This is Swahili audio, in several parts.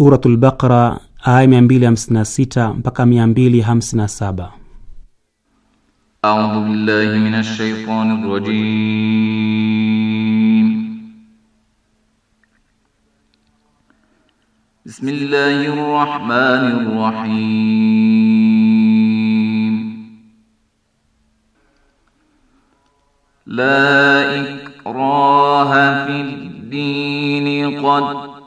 Suratul Baqara aya 256 mpaka 257. A'udhu billahi minash shaitani rajim. Bismillahir Rahmanir Rahim. La ikraha fid din qad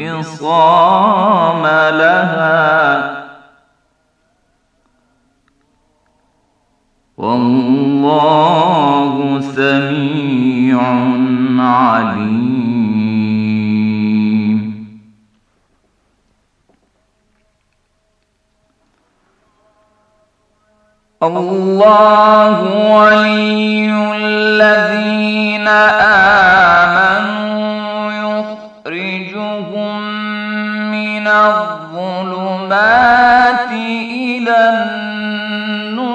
انفصام لها والله سميع عليم الله ولي الذين آمنوا من الظلمات إلى النور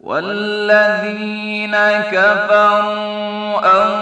والذين كفروا أو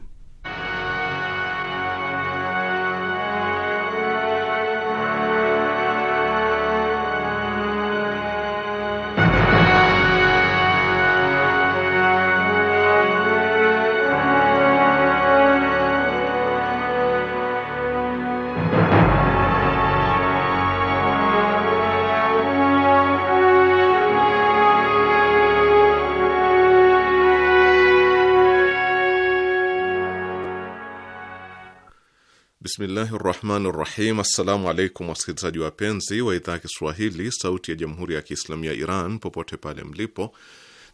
Bismillahi rahmani rahim. Assalamu alaikum wasikilizaji wapenzi wa idhaa ya Kiswahili sauti ya jamhuri ya Kiislamu ya Iran popote pale mlipo,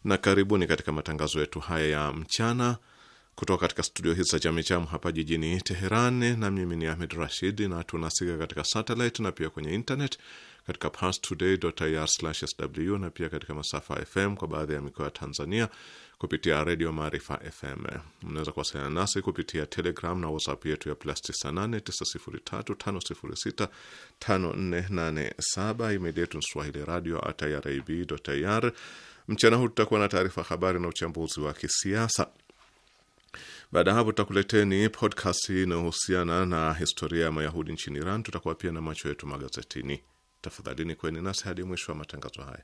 na karibuni katika matangazo yetu haya ya mchana kutoka katika studio hizi za Jamijamu hapa jijini Teheran, na mimi ni Ahmed Rashid, na tunasika katika satelit na pia kwenye internet katika parstoday.ir/sw na pia katika masafa FM kwa baadhi ya mikoa ya Tanzania kupitia redio Maarifa FM. Mnaweza kuwasiliana nasi kupitia Telegram na WhatsApp yetu ya plus 989035065487. Imeli yetu ni swahili radio at irib.ir. Mchana huu tutakuwa na taarifa habari na uchambuzi wa kisiasa. Baada ya hapo tutakuleteni podcast inayohusiana na historia ya Mayahudi nchini Iran. Tutakuwa pia na macho yetu magazetini. Tafadhalini kweni nasi hadi mwisho wa matangazo haya.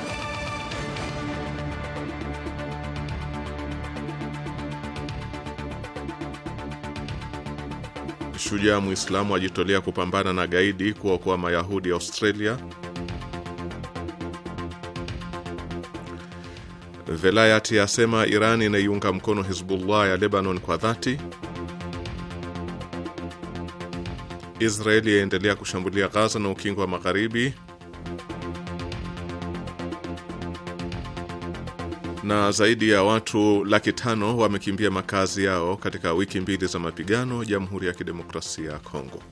Shujaa muislamu ajitolea kupambana na gaidi kuokoa Mayahudi ya Australia. Velayati yasema Iran inaiunga mkono Hizbullah ya Lebanon kwa dhati. Israeli yaendelea kushambulia Gaza na Ukingo wa Magharibi na zaidi ya watu laki tano wamekimbia makazi yao katika wiki mbili za mapigano Jamhuri ya Kidemokrasia ya Kongo.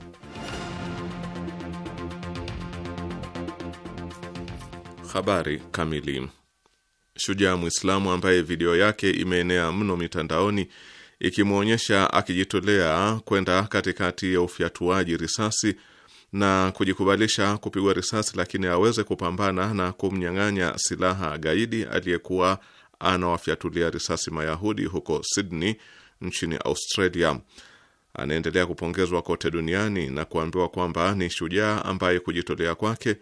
Habari kamili. Shujaa Mwislamu ambaye video yake imeenea mno mitandaoni ikimwonyesha akijitolea kwenda katikati ya ufyatuaji risasi na kujikubalisha kupigwa risasi, lakini aweze kupambana na kumnyang'anya silaha gaidi aliyekuwa anawafyatulia risasi Mayahudi huko Sydney nchini Australia. Anaendelea kupongezwa kote duniani na kuambiwa kwamba ni shujaa ambaye kujitolea kwake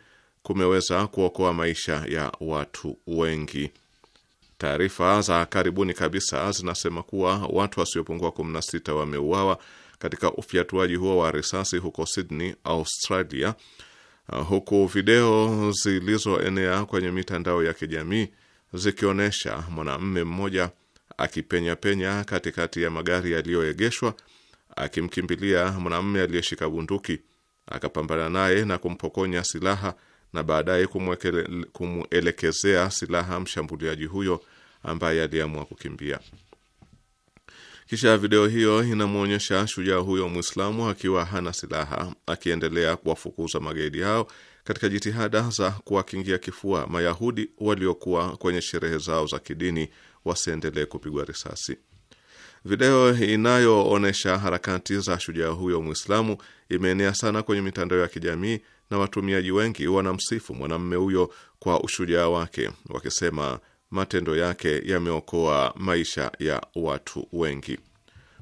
kumeweza kuokoa maisha ya watu wengi. Taarifa za karibuni kabisa zinasema kuwa watu wasiopungua 16 wameuawa katika ufyatuaji huo wa risasi huko Sydney, Australia, huku video zilizoenea kwenye mitandao ya kijamii zikionyesha mwanamume mmoja akipenya penya katikati ya magari yaliyoegeshwa akimkimbilia mwanamume aliyeshika bunduki, akapambana naye na kumpokonya silaha na baadaye kumwelekezea silaha mshambuliaji huyo ambaye aliamua kukimbia. Kisha video hiyo inamwonyesha shujaa huyo Mwislamu akiwa hana silaha akiendelea kuwafukuza magaidi hao katika jitihada za kuwakingia kifua Mayahudi waliokuwa kwenye sherehe zao za kidini wasiendelee kupigwa risasi. Video inayoonyesha harakati za shujaa huyo Mwislamu imeenea sana kwenye mitandao ya kijamii na watumiaji wengi wanamsifu mwanamume huyo kwa ushujaa wake, wakisema matendo yake yameokoa maisha ya watu wengi.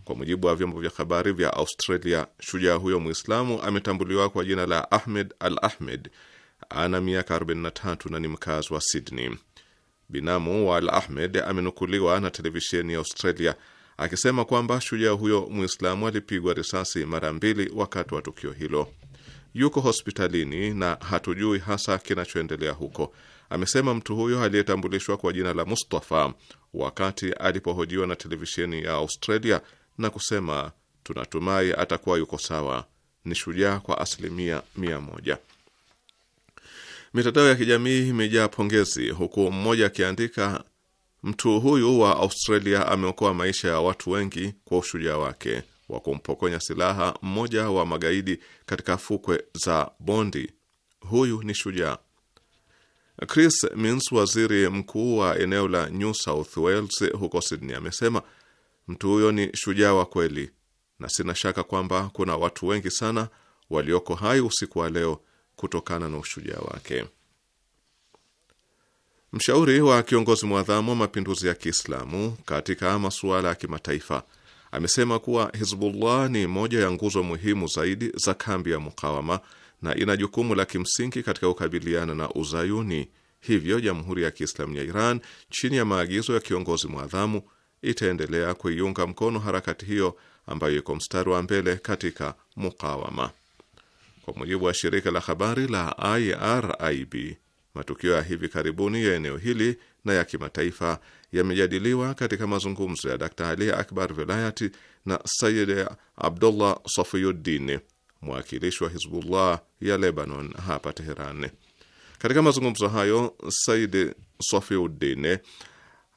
Kwa mujibu wa vyombo vya habari vya Australia, shujaa huyo Mwislamu ametambuliwa kwa jina la Ahmed Al Ahmed. Ana miaka 43 na ni mkazi wa Sydney. Binamu wa Al Ahmed amenukuliwa na televisheni ya Australia akisema kwamba shujaa huyo Mwislamu alipigwa risasi mara mbili wakati wa tukio hilo. Yuko hospitalini na hatujui hasa kinachoendelea huko, amesema mtu huyo aliyetambulishwa kwa jina la Mustafa wakati alipohojiwa na televisheni ya Australia na kusema tunatumai atakuwa yuko sawa. Ni shujaa kwa asilimia mia moja. Mitandao ya kijamii imejaa pongezi, huku mmoja akiandika, mtu huyu wa Australia ameokoa maisha ya watu wengi kwa ushujaa wake wa kumpokonya silaha mmoja wa magaidi katika fukwe za Bondi. Huyu ni shujaa. Chris Minns, waziri mkuu wa eneo la New South Wales huko Sydney, amesema Mtu huyo ni shujaa wa kweli, na sina shaka kwamba kuna watu wengi sana walioko hai usiku wa leo kutokana na ushujaa wake. Mshauri wa kiongozi mwadhamu wa mapinduzi ya Kiislamu katika masuala ya kimataifa amesema kuwa Hizbullah ni moja ya nguzo muhimu zaidi za kambi ya mukawama na ina jukumu la kimsingi katika kukabiliana na uzayuni. Hivyo Jamhuri ya Kiislamu ya Iran chini ya maagizo ya kiongozi mwadhamu itaendelea kuiunga mkono harakati hiyo ambayo iko mstari wa mbele katika mukawama. Kwa mujibu wa shirika la habari la IRIB, matukio ya hivi karibuni ya eneo hili na ya kimataifa yamejadiliwa katika mazungumzo ya Dr. Ali Akbar Velayati na Sayid Abdullah Safiyuddin, mwakilishi wa Hizbullah ya Lebanon hapa Teheran. Katika mazungumzo hayo, Said Safiuddin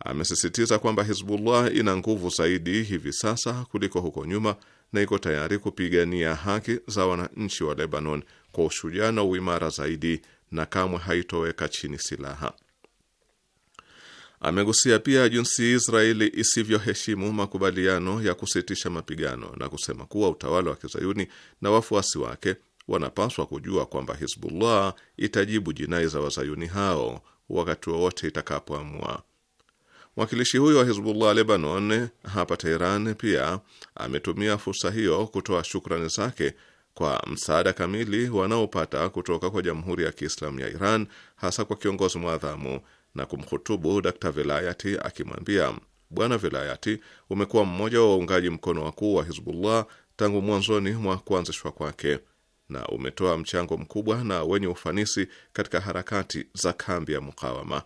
Amesisitiza kwamba Hizbullah ina nguvu zaidi hivi sasa kuliko huko nyuma na iko tayari kupigania haki za wananchi wa Lebanon kwa ushujaa na uimara zaidi na kamwe haitoweka chini silaha. Amegusia pia jinsi Israeli isivyoheshimu makubaliano ya kusitisha mapigano na kusema kuwa utawala wa kizayuni na wafuasi wake wanapaswa kujua kwamba Hizbullah itajibu jinai za wazayuni hao wakati wowote itakapoamua. Mwakilishi huyo wa Hizbullah Lebanon hapa Teheran pia ametumia fursa hiyo kutoa shukrani zake kwa msaada kamili wanaopata kutoka kwa Jamhuri ya Kiislamu ya Iran, hasa kwa kiongozi mwadhamu na kumhutubu Dr. Velayati akimwambia, Bwana Velayati, umekuwa mmoja wa waungaji mkono wakuu wa Hizbullah tangu mwanzoni mwa kuanzishwa kwake na umetoa mchango mkubwa na wenye ufanisi katika harakati za kambi ya mukawama.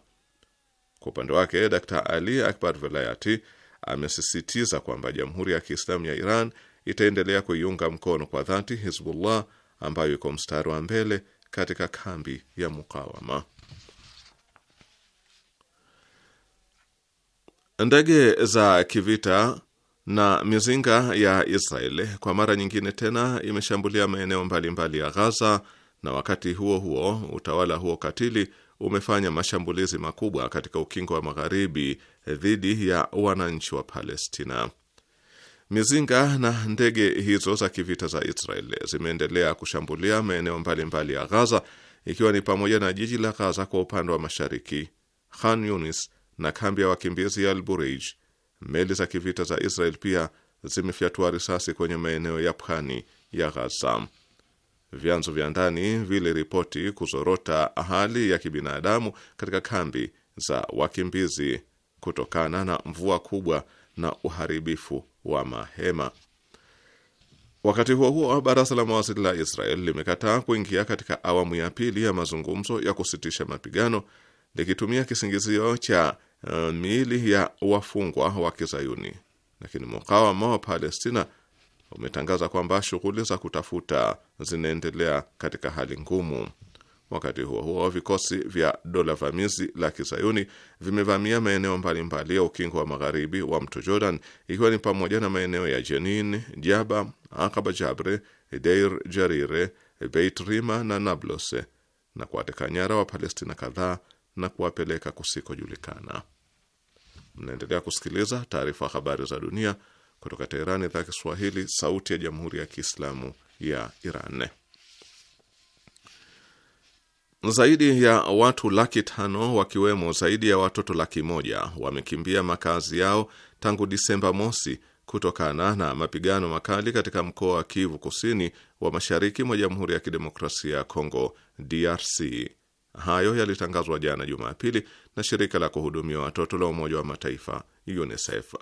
Kwa upande wake, Dr Ali Akbar Velayati amesisitiza kwamba Jamhuri ya Kiislamu ya Iran itaendelea kuiunga mkono kwa dhati Hizbullah ambayo iko mstari wa mbele katika kambi ya mukawama. Ndege za kivita na mizinga ya israel kwa mara nyingine tena imeshambulia maeneo mbalimbali ya Ghaza, na wakati huo huo utawala huo katili umefanya mashambulizi makubwa katika ukingo wa magharibi eh, dhidi ya wananchi wa Palestina. Mizinga na ndege hizo za kivita za Israel zimeendelea kushambulia maeneo mbalimbali ya Ghaza, ikiwa ni pamoja na jiji la Ghaza kwa upande wa mashariki, Khan Yunis na kambi ya wakimbizi ya Albureij. Meli za kivita za Israel pia zimefyatua risasi kwenye maeneo ya pwani ya Ghaza. Vyanzo vya ndani viliripoti kuzorota hali ya kibinadamu katika kambi za wakimbizi kutokana na mvua kubwa na uharibifu wa mahema. Wakati huo huo, baraza la mawaziri la Israel limekataa kuingia katika awamu ya pili ya mazungumzo ya kusitisha mapigano likitumia kisingizio cha uh, miili ya wafungwa wa Kizayuni, lakini mukawama wa Palestina umetangaza kwamba shughuli za kutafuta zinaendelea katika hali ngumu. Wakati huo huo, vikosi vya dola vamizi la kizayuni vimevamia maeneo mbalimbali ya ukingo wa magharibi wa mto Jordan, ikiwa ni pamoja na maeneo ya Jenin, Jaba, Akaba Jabre, Deir Jarire, Beit Rima na Nablus, na kuwateka nyara wa Palestina kadhaa na kuwapeleka kusikojulikana. Mnaendelea kusikiliza taarifa habari za dunia kutoka Teherani, idhaa Kiswahili, sauti ya jamhuri ya kiislamu ya Iran. Zaidi ya watu laki tano wakiwemo zaidi ya watoto laki moja wamekimbia makazi yao tangu Disemba mosi kutokana na mapigano makali katika mkoa wa Kivu kusini wa mashariki mwa jamhuri ya kidemokrasia ya Kongo, DRC. Hayo yalitangazwa jana Jumapili na shirika la kuhudumia watoto la Umoja wa Mataifa, UNICEF.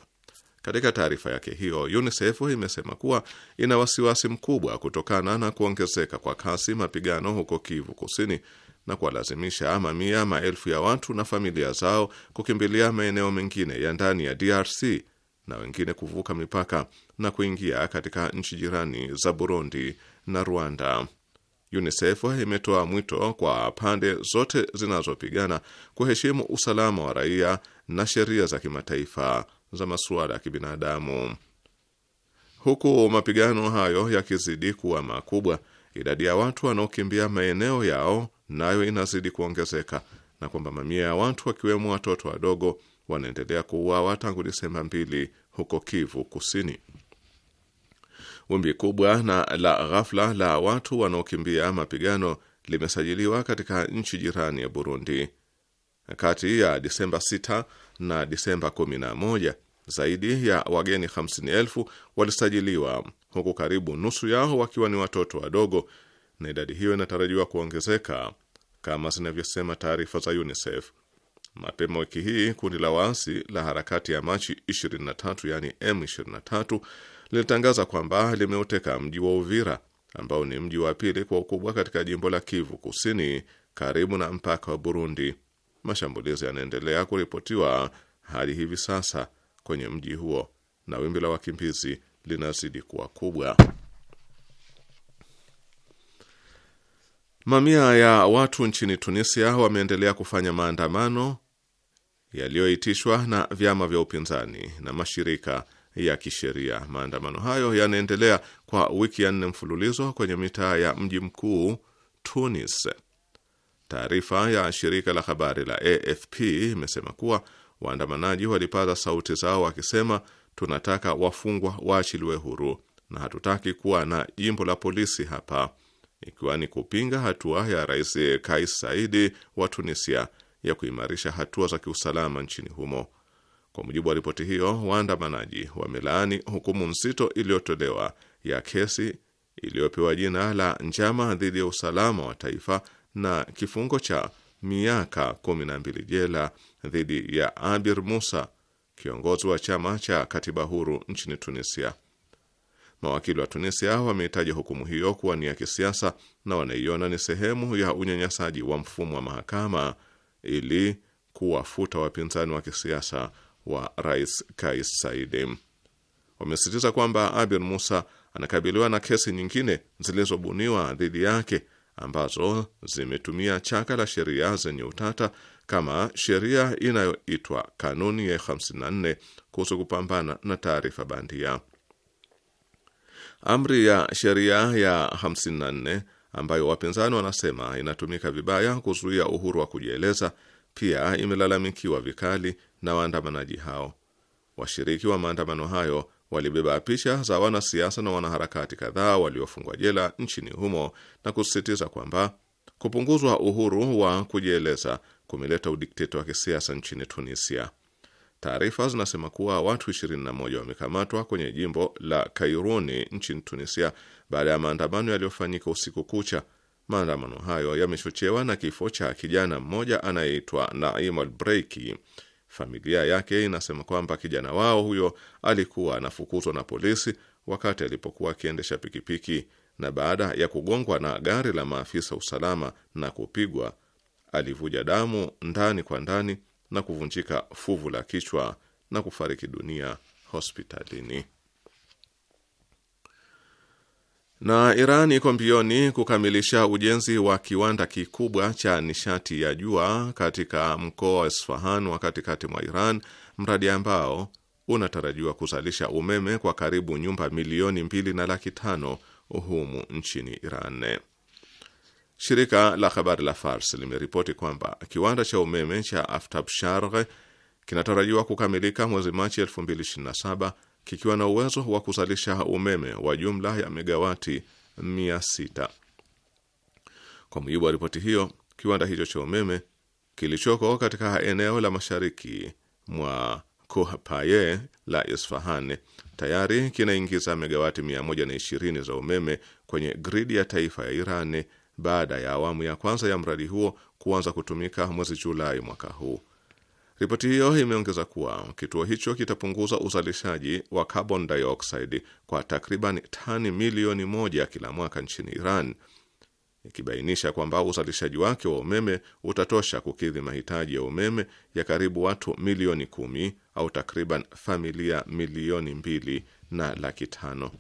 Katika taarifa yake hiyo, UNICEF imesema kuwa ina wasiwasi mkubwa kutokana na kuongezeka kwa kasi mapigano huko Kivu Kusini na kuwalazimisha mamia maelfu ya watu na familia zao kukimbilia maeneo mengine ya ndani ya DRC na wengine kuvuka mipaka na kuingia katika nchi jirani za Burundi na Rwanda. UNICEF imetoa mwito kwa pande zote zinazopigana kuheshimu usalama wa raia na sheria za kimataifa za masuala ya kibinadamu. Huku mapigano hayo yakizidi kuwa makubwa, idadi ya watu wanaokimbia maeneo yao nayo inazidi kuongezeka na kwamba mamia ya watu wakiwemo watoto wadogo wanaendelea kuuawa tangu Disemba mbili huko Kivu Kusini. Wimbi kubwa na la ghafla la watu wanaokimbia mapigano limesajiliwa katika nchi jirani ya Burundi. Kati ya Disemba na Disemba 11, zaidi ya wageni 50,000 walisajiliwa huku karibu nusu yao wakiwa ni watoto wadogo, na idadi hiyo inatarajiwa kuongezeka kama zinavyosema taarifa za UNICEF. Mapema wiki hii kundi la waasi la harakati ya Machi 23 yani M23 lilitangaza kwamba limeuteka mji wa Uvira ambao ni mji wa pili kwa ukubwa katika jimbo la Kivu Kusini karibu na mpaka wa Burundi mashambulizi yanaendelea kuripotiwa hadi hivi sasa kwenye mji huo na wimbi la wakimbizi linazidi kuwa kubwa. Mamia ya watu nchini Tunisia wameendelea kufanya maandamano yaliyoitishwa na vyama vya upinzani na mashirika ya kisheria. Maandamano hayo yanaendelea kwa wiki ya nne mfululizo kwenye mitaa ya mji mkuu Tunis Taarifa ya shirika la habari la AFP imesema kuwa waandamanaji walipaza sauti zao wakisema, tunataka wafungwa waachiliwe huru na hatutaki kuwa na jimbo la polisi hapa, ikiwa ni kupinga hatua ya Rais Kais Saidi wa Tunisia ya kuimarisha hatua za kiusalama nchini humo. Kwa mujibu wa ripoti hiyo, waandamanaji wamelaani hukumu nzito iliyotolewa ya kesi iliyopewa jina la njama dhidi ya usalama wa taifa na kifungo cha miaka 12 jela dhidi ya Abir Musa, kiongozi wa chama cha katiba huru nchini Tunisia. Mawakili wa Tunisia wameitaja hukumu hiyo kuwa ni ya kisiasa na wanaiona ni sehemu ya unyanyasaji wa mfumo wa mahakama ili kuwafuta wapinzani wa kisiasa wa Rais Kais Saied. Wamesisitiza kwamba Abir Musa anakabiliwa na kesi nyingine zilizobuniwa dhidi yake ambazo zimetumia chaka la sheria zenye utata kama sheria inayoitwa kanuni ya 54 kuhusu kupambana na taarifa bandia. Amri ya sheria ya 54 ambayo wapinzani wanasema inatumika vibaya kuzuia uhuru wa kujieleza pia imelalamikiwa vikali na waandamanaji hao. Washiriki wa maandamano hayo walibeba picha za wanasiasa na wanaharakati kadhaa waliofungwa jela nchini humo na kusisitiza kwamba kupunguzwa uhuru wa kujieleza kumeleta udikteta wa kisiasa nchini Tunisia. Taarifa zinasema kuwa watu 21 wamekamatwa kwenye jimbo la Kairuni nchini Tunisia baada ya maandamano yaliyofanyika usiku kucha. Maandamano hayo yamechochewa na kifo cha kijana mmoja anayeitwa Naim Al Breiki Familia yake inasema kwamba kijana wao huyo alikuwa anafukuzwa na polisi wakati alipokuwa akiendesha pikipiki, na baada ya kugongwa na gari la maafisa usalama na kupigwa, alivuja damu ndani kwa ndani na kuvunjika fuvu la kichwa na kufariki dunia hospitalini. Na Iran iko mbioni kukamilisha ujenzi wa kiwanda kikubwa cha nishati ya jua katika mkoa wa Isfahan wa katikati mwa Iran, mradi ambao unatarajiwa kuzalisha umeme kwa karibu nyumba milioni mbili na laki tano humu nchini Iran. Shirika la habari la Fars limeripoti kwamba kiwanda cha umeme cha Aftabshargh kinatarajiwa kukamilika mwezi Machi 2027 kikiwa na uwezo wa kuzalisha umeme wa jumla ya megawati 600. Kwa mujibu wa ripoti hiyo, kiwanda hicho cha umeme kilichoko katika eneo la mashariki mwa Kohapaye la Isfahan tayari kinaingiza megawati 120 za umeme kwenye gridi ya taifa ya Iran baada ya awamu ya kwanza ya mradi huo kuanza kutumika mwezi Julai mwaka huu. Ripoti hiyo imeongeza kuwa kituo hicho kitapunguza uzalishaji wa carbon dioxide kwa takriban tani milioni moja kila mwaka nchini Iran, ikibainisha kwamba uzalishaji wake wa umeme utatosha kukidhi mahitaji ya umeme ya karibu watu milioni kumi au takriban familia milioni mbili na laki tano.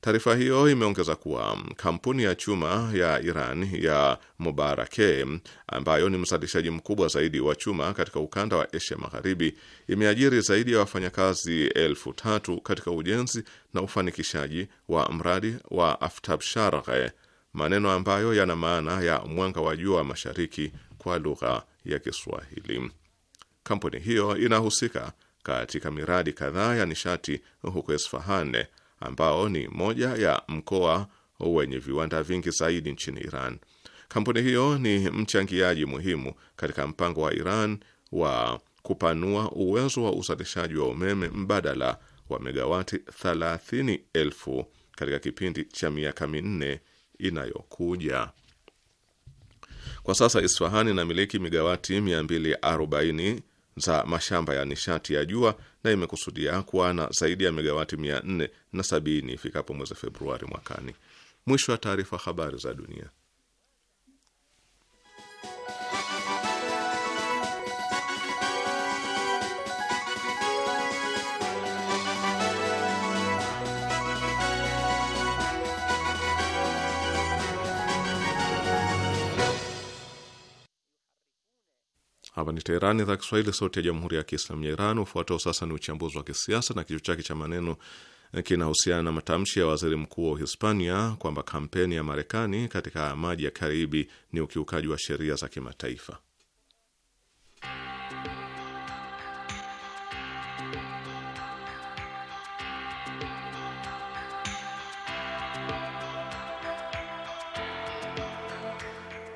Taarifa hiyo imeongeza kuwa kampuni ya chuma ya Iran ya Mobarake ambayo ni mzalishaji mkubwa zaidi wa chuma katika ukanda wa Asia Magharibi imeajiri zaidi ya wafanyakazi elfu tatu katika ujenzi na ufanikishaji wa mradi wa Aftabsharghe, maneno ambayo yana maana ya mwanga wa jua mashariki kwa lugha ya Kiswahili. Kampuni hiyo inahusika katika miradi kadhaa ya nishati huko Isfahan ambao ni moja ya mkoa wenye viwanda vingi zaidi nchini Iran. Kampuni hiyo ni mchangiaji muhimu katika mpango wa Iran wa kupanua uwezo wa uzalishaji wa umeme mbadala wa megawati 30,000 katika kipindi cha miaka minne inayokuja. Kwa sasa Isfahani inamiliki migawati 240 za mashamba ya nishati ya jua na imekusudia kuwa na zaidi ya megawati 470 ifikapo mwezi Februari mwakani. Mwisho wa taarifa. Habari za dunia. Hapa ni Teherani, idhaa Kiswahili, sauti ya jamhuri ya kiislamu ya Iran. Ufuatao sasa ni uchambuzi wa kisiasa na kichwa chake cha maneno kinahusiana na matamshi ya waziri mkuu wa Uhispania kwamba kampeni ya Marekani katika maji ya Karibi ni ukiukaji wa sheria za kimataifa.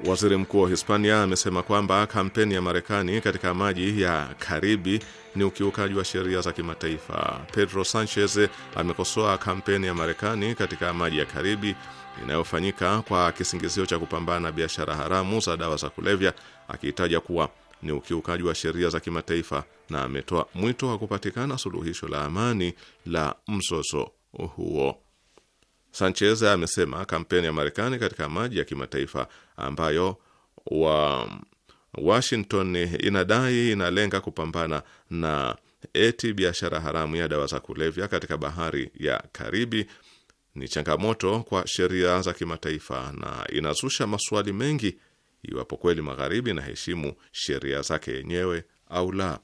Waziri mkuu wa Hispania amesema kwamba kampeni ya Marekani katika maji ya Karibi ni ukiukaji wa sheria za kimataifa. Pedro Sanchez amekosoa kampeni ya Marekani katika maji ya Karibi inayofanyika kwa kisingizio cha kupambana na biashara haramu za dawa za kulevya, akiitaja kuwa ni ukiukaji wa sheria za kimataifa, na ametoa mwito wa kupatikana suluhisho la amani la mzozo huo. Sanchez amesema kampeni ya Marekani katika maji ya kimataifa ambayo wa Washington inadai inalenga kupambana na eti biashara haramu ya dawa za kulevya katika bahari ya Karibi ni changamoto kwa sheria za kimataifa na inazusha maswali mengi iwapo kweli magharibi inaheshimu sheria zake yenyewe au la.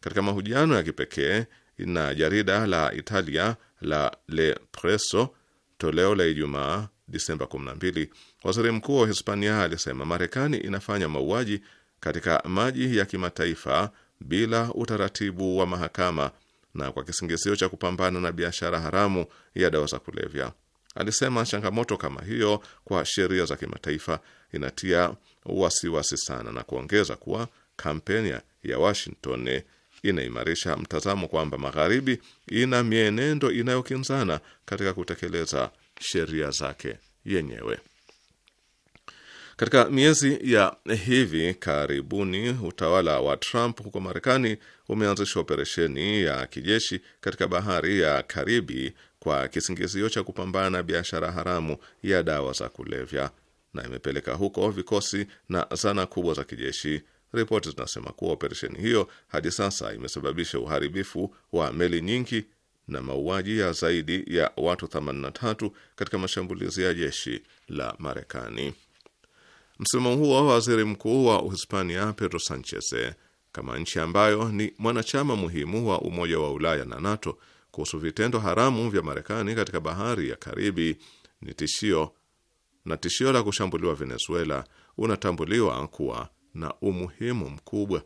Katika mahojiano ya kipekee na jarida la Italia la Le Presso toleo la Ijumaa Disemba 12 Waziri mkuu wa Hispania alisema Marekani inafanya mauaji katika maji ya kimataifa bila utaratibu wa mahakama na kwa kisingizio cha kupambana na biashara haramu ya dawa za kulevya. Alisema changamoto kama hiyo kwa sheria za kimataifa inatia wasiwasi wasi sana, na kuongeza kuwa kampeni ya Washington inaimarisha mtazamo kwamba Magharibi ina mienendo inayokinzana katika kutekeleza sheria zake yenyewe. Katika miezi ya hivi karibuni utawala wa Trump huko Marekani umeanzisha operesheni ya kijeshi katika bahari ya Karibi kwa kisingizio cha kupambana na biashara haramu ya dawa za kulevya na imepeleka huko vikosi na zana kubwa za kijeshi. Ripoti zinasema kuwa operesheni hiyo hadi sasa imesababisha uharibifu wa meli nyingi na mauaji ya zaidi ya watu 83 katika mashambulizi ya jeshi la Marekani. Msimamo huo wa waziri mkuu wa Uhispania Pedro Sanchez kama nchi ambayo ni mwanachama muhimu wa Umoja wa Ulaya na NATO kuhusu vitendo haramu vya Marekani katika bahari ya Karibi ni tishio na tishio la kushambuliwa Venezuela unatambuliwa kuwa na umuhimu mkubwa.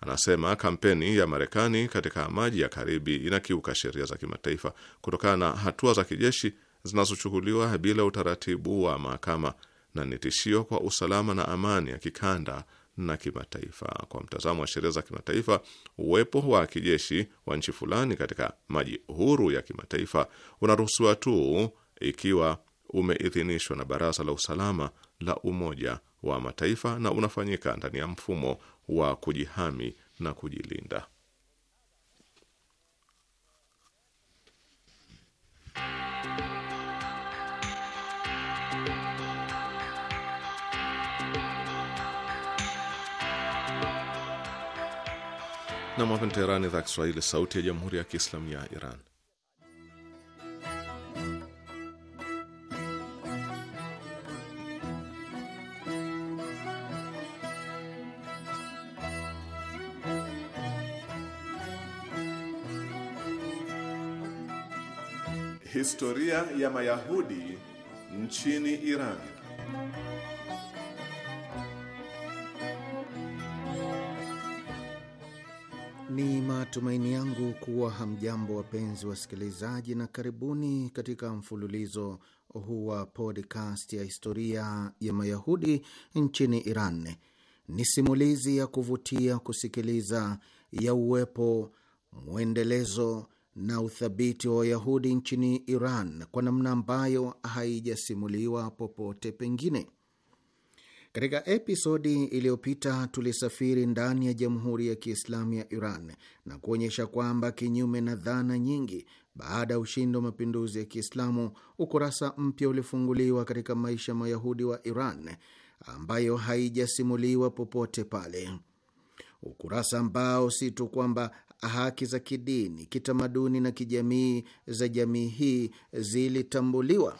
Anasema kampeni ya Marekani katika maji ya Karibi inakiuka sheria za kimataifa kutokana na hatua za kijeshi zinazochukuliwa bila utaratibu wa mahakama na ni tishio kwa usalama na amani ya kikanda na kimataifa. Kwa mtazamo wa sheria za kimataifa, uwepo wa kijeshi wa nchi fulani katika maji huru ya kimataifa unaruhusiwa tu ikiwa umeidhinishwa na Baraza la Usalama la Umoja wa Mataifa na unafanyika ndani ya mfumo wa kujihami na kujilinda. na hapa Teherani, idhaa Kiswahili, sauti ya jamhuri ya kiislamu ya Iran. Historia ya Mayahudi nchini Iran. Ni matumaini yangu kuwa hamjambo wapenzi wasikilizaji, na karibuni katika mfululizo huu wa podcast ya historia ya Mayahudi nchini Iran. Ni simulizi ya kuvutia kusikiliza ya uwepo, mwendelezo na uthabiti wa Wayahudi nchini Iran kwa namna ambayo haijasimuliwa popote pengine. Katika episodi iliyopita tulisafiri ndani ya Jamhuri ya Kiislamu ya Iran na kuonyesha kwamba kinyume na dhana nyingi, baada ya ushindi wa mapinduzi ya Kiislamu, ukurasa mpya ulifunguliwa katika maisha ya Mayahudi wa Iran ambayo haijasimuliwa popote pale, ukurasa ambao si tu kwamba haki za kidini, kitamaduni na kijamii za jamii hii zilitambuliwa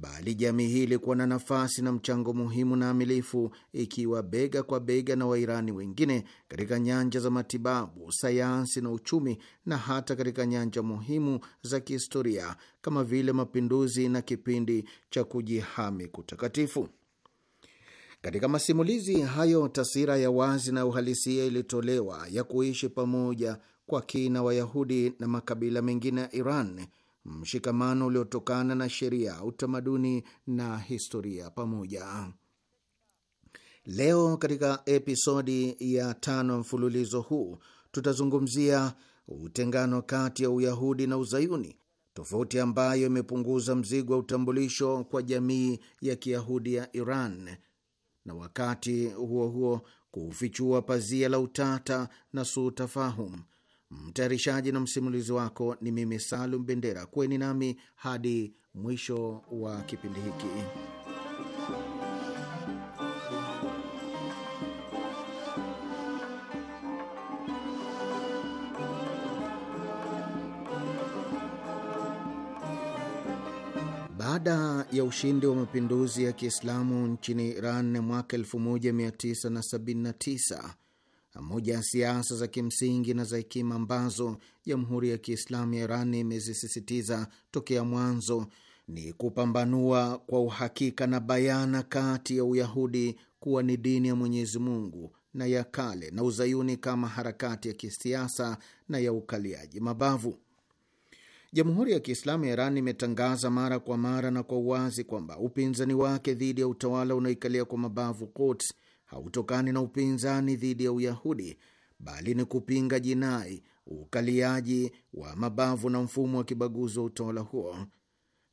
bali jamii hii ilikuwa na nafasi na mchango muhimu na amilifu, ikiwa bega kwa bega na Wairani wengine katika nyanja za matibabu, sayansi na uchumi, na hata katika nyanja muhimu za kihistoria kama vile mapinduzi na kipindi cha kujihami kutakatifu. Katika masimulizi hayo, taswira ya wazi na uhalisia ilitolewa ya kuishi pamoja kwa kina Wayahudi na makabila mengine ya Iran mshikamano uliotokana na sheria, utamaduni na historia pamoja. Leo katika episodi ya tano ya mfululizo huu tutazungumzia utengano kati ya Uyahudi na Uzayuni, tofauti ambayo imepunguza mzigo wa utambulisho kwa jamii ya Kiyahudi ya Iran na wakati huo huo kufichua pazia la utata na sutafahum Mtayarishaji na msimulizi wako ni mimi Salum Bendera. Kuweni nami hadi mwisho wa kipindi hiki. Baada ya ushindi wa mapinduzi ya Kiislamu nchini Iran mwaka 1979 moja ya siasa za kimsingi na za hekima ambazo Jamhuri ya Kiislamu ya Iran imezisisitiza tokea mwanzo ni kupambanua kwa uhakika na bayana kati ya Uyahudi kuwa ni dini ya Mwenyezi Mungu na ya kale na Uzayuni kama harakati ya kisiasa na ya ukaliaji mabavu. Jamhuri ya Kiislamu ya Iran imetangaza mara kwa mara na kwa uwazi kwamba upinzani wake dhidi ya utawala unaoikalia kwa mabavu Quds hautokani na upinzani dhidi ya Uyahudi, bali ni kupinga jinai, ukaliaji wa mabavu na mfumo wa kibaguzi wa utawala huo.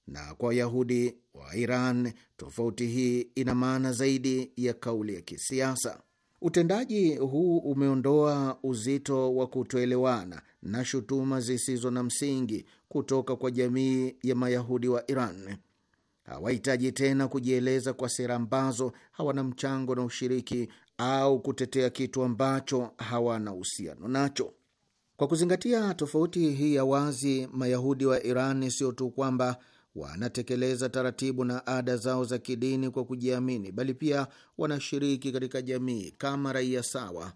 Na kwa Wayahudi wa Iran, tofauti hii ina maana zaidi ya kauli ya kisiasa. Utendaji huu umeondoa uzito wa kutoelewana na shutuma zisizo na msingi kutoka kwa jamii ya Mayahudi wa Iran hawahitaji tena kujieleza kwa sera ambazo hawana mchango na ushiriki au kutetea kitu ambacho hawana uhusiano nacho. Kwa kuzingatia tofauti hii ya wazi, Mayahudi wa Iran sio tu kwamba wanatekeleza taratibu na ada zao za kidini kwa kujiamini, bali pia wanashiriki katika jamii kama raia sawa,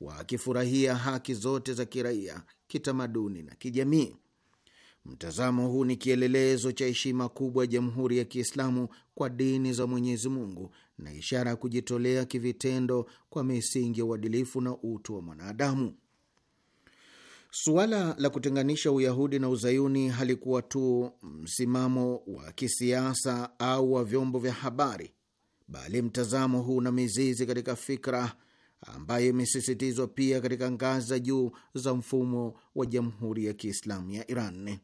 wakifurahia haki zote za kiraia, kitamaduni na kijamii. Mtazamo huu ni kielelezo cha heshima kubwa ya Jamhuri ya Kiislamu kwa dini za Mwenyezi Mungu na ishara ya kujitolea kivitendo kwa misingi ya uadilifu na utu wa mwanadamu. Suala la kutenganisha Uyahudi na Uzayuni halikuwa tu msimamo wa kisiasa au wa vyombo vya habari, bali mtazamo huu na mizizi katika fikra ambayo imesisitizwa pia katika ngazi za juu za mfumo wa Jamhuri ya Kiislamu ya Iran.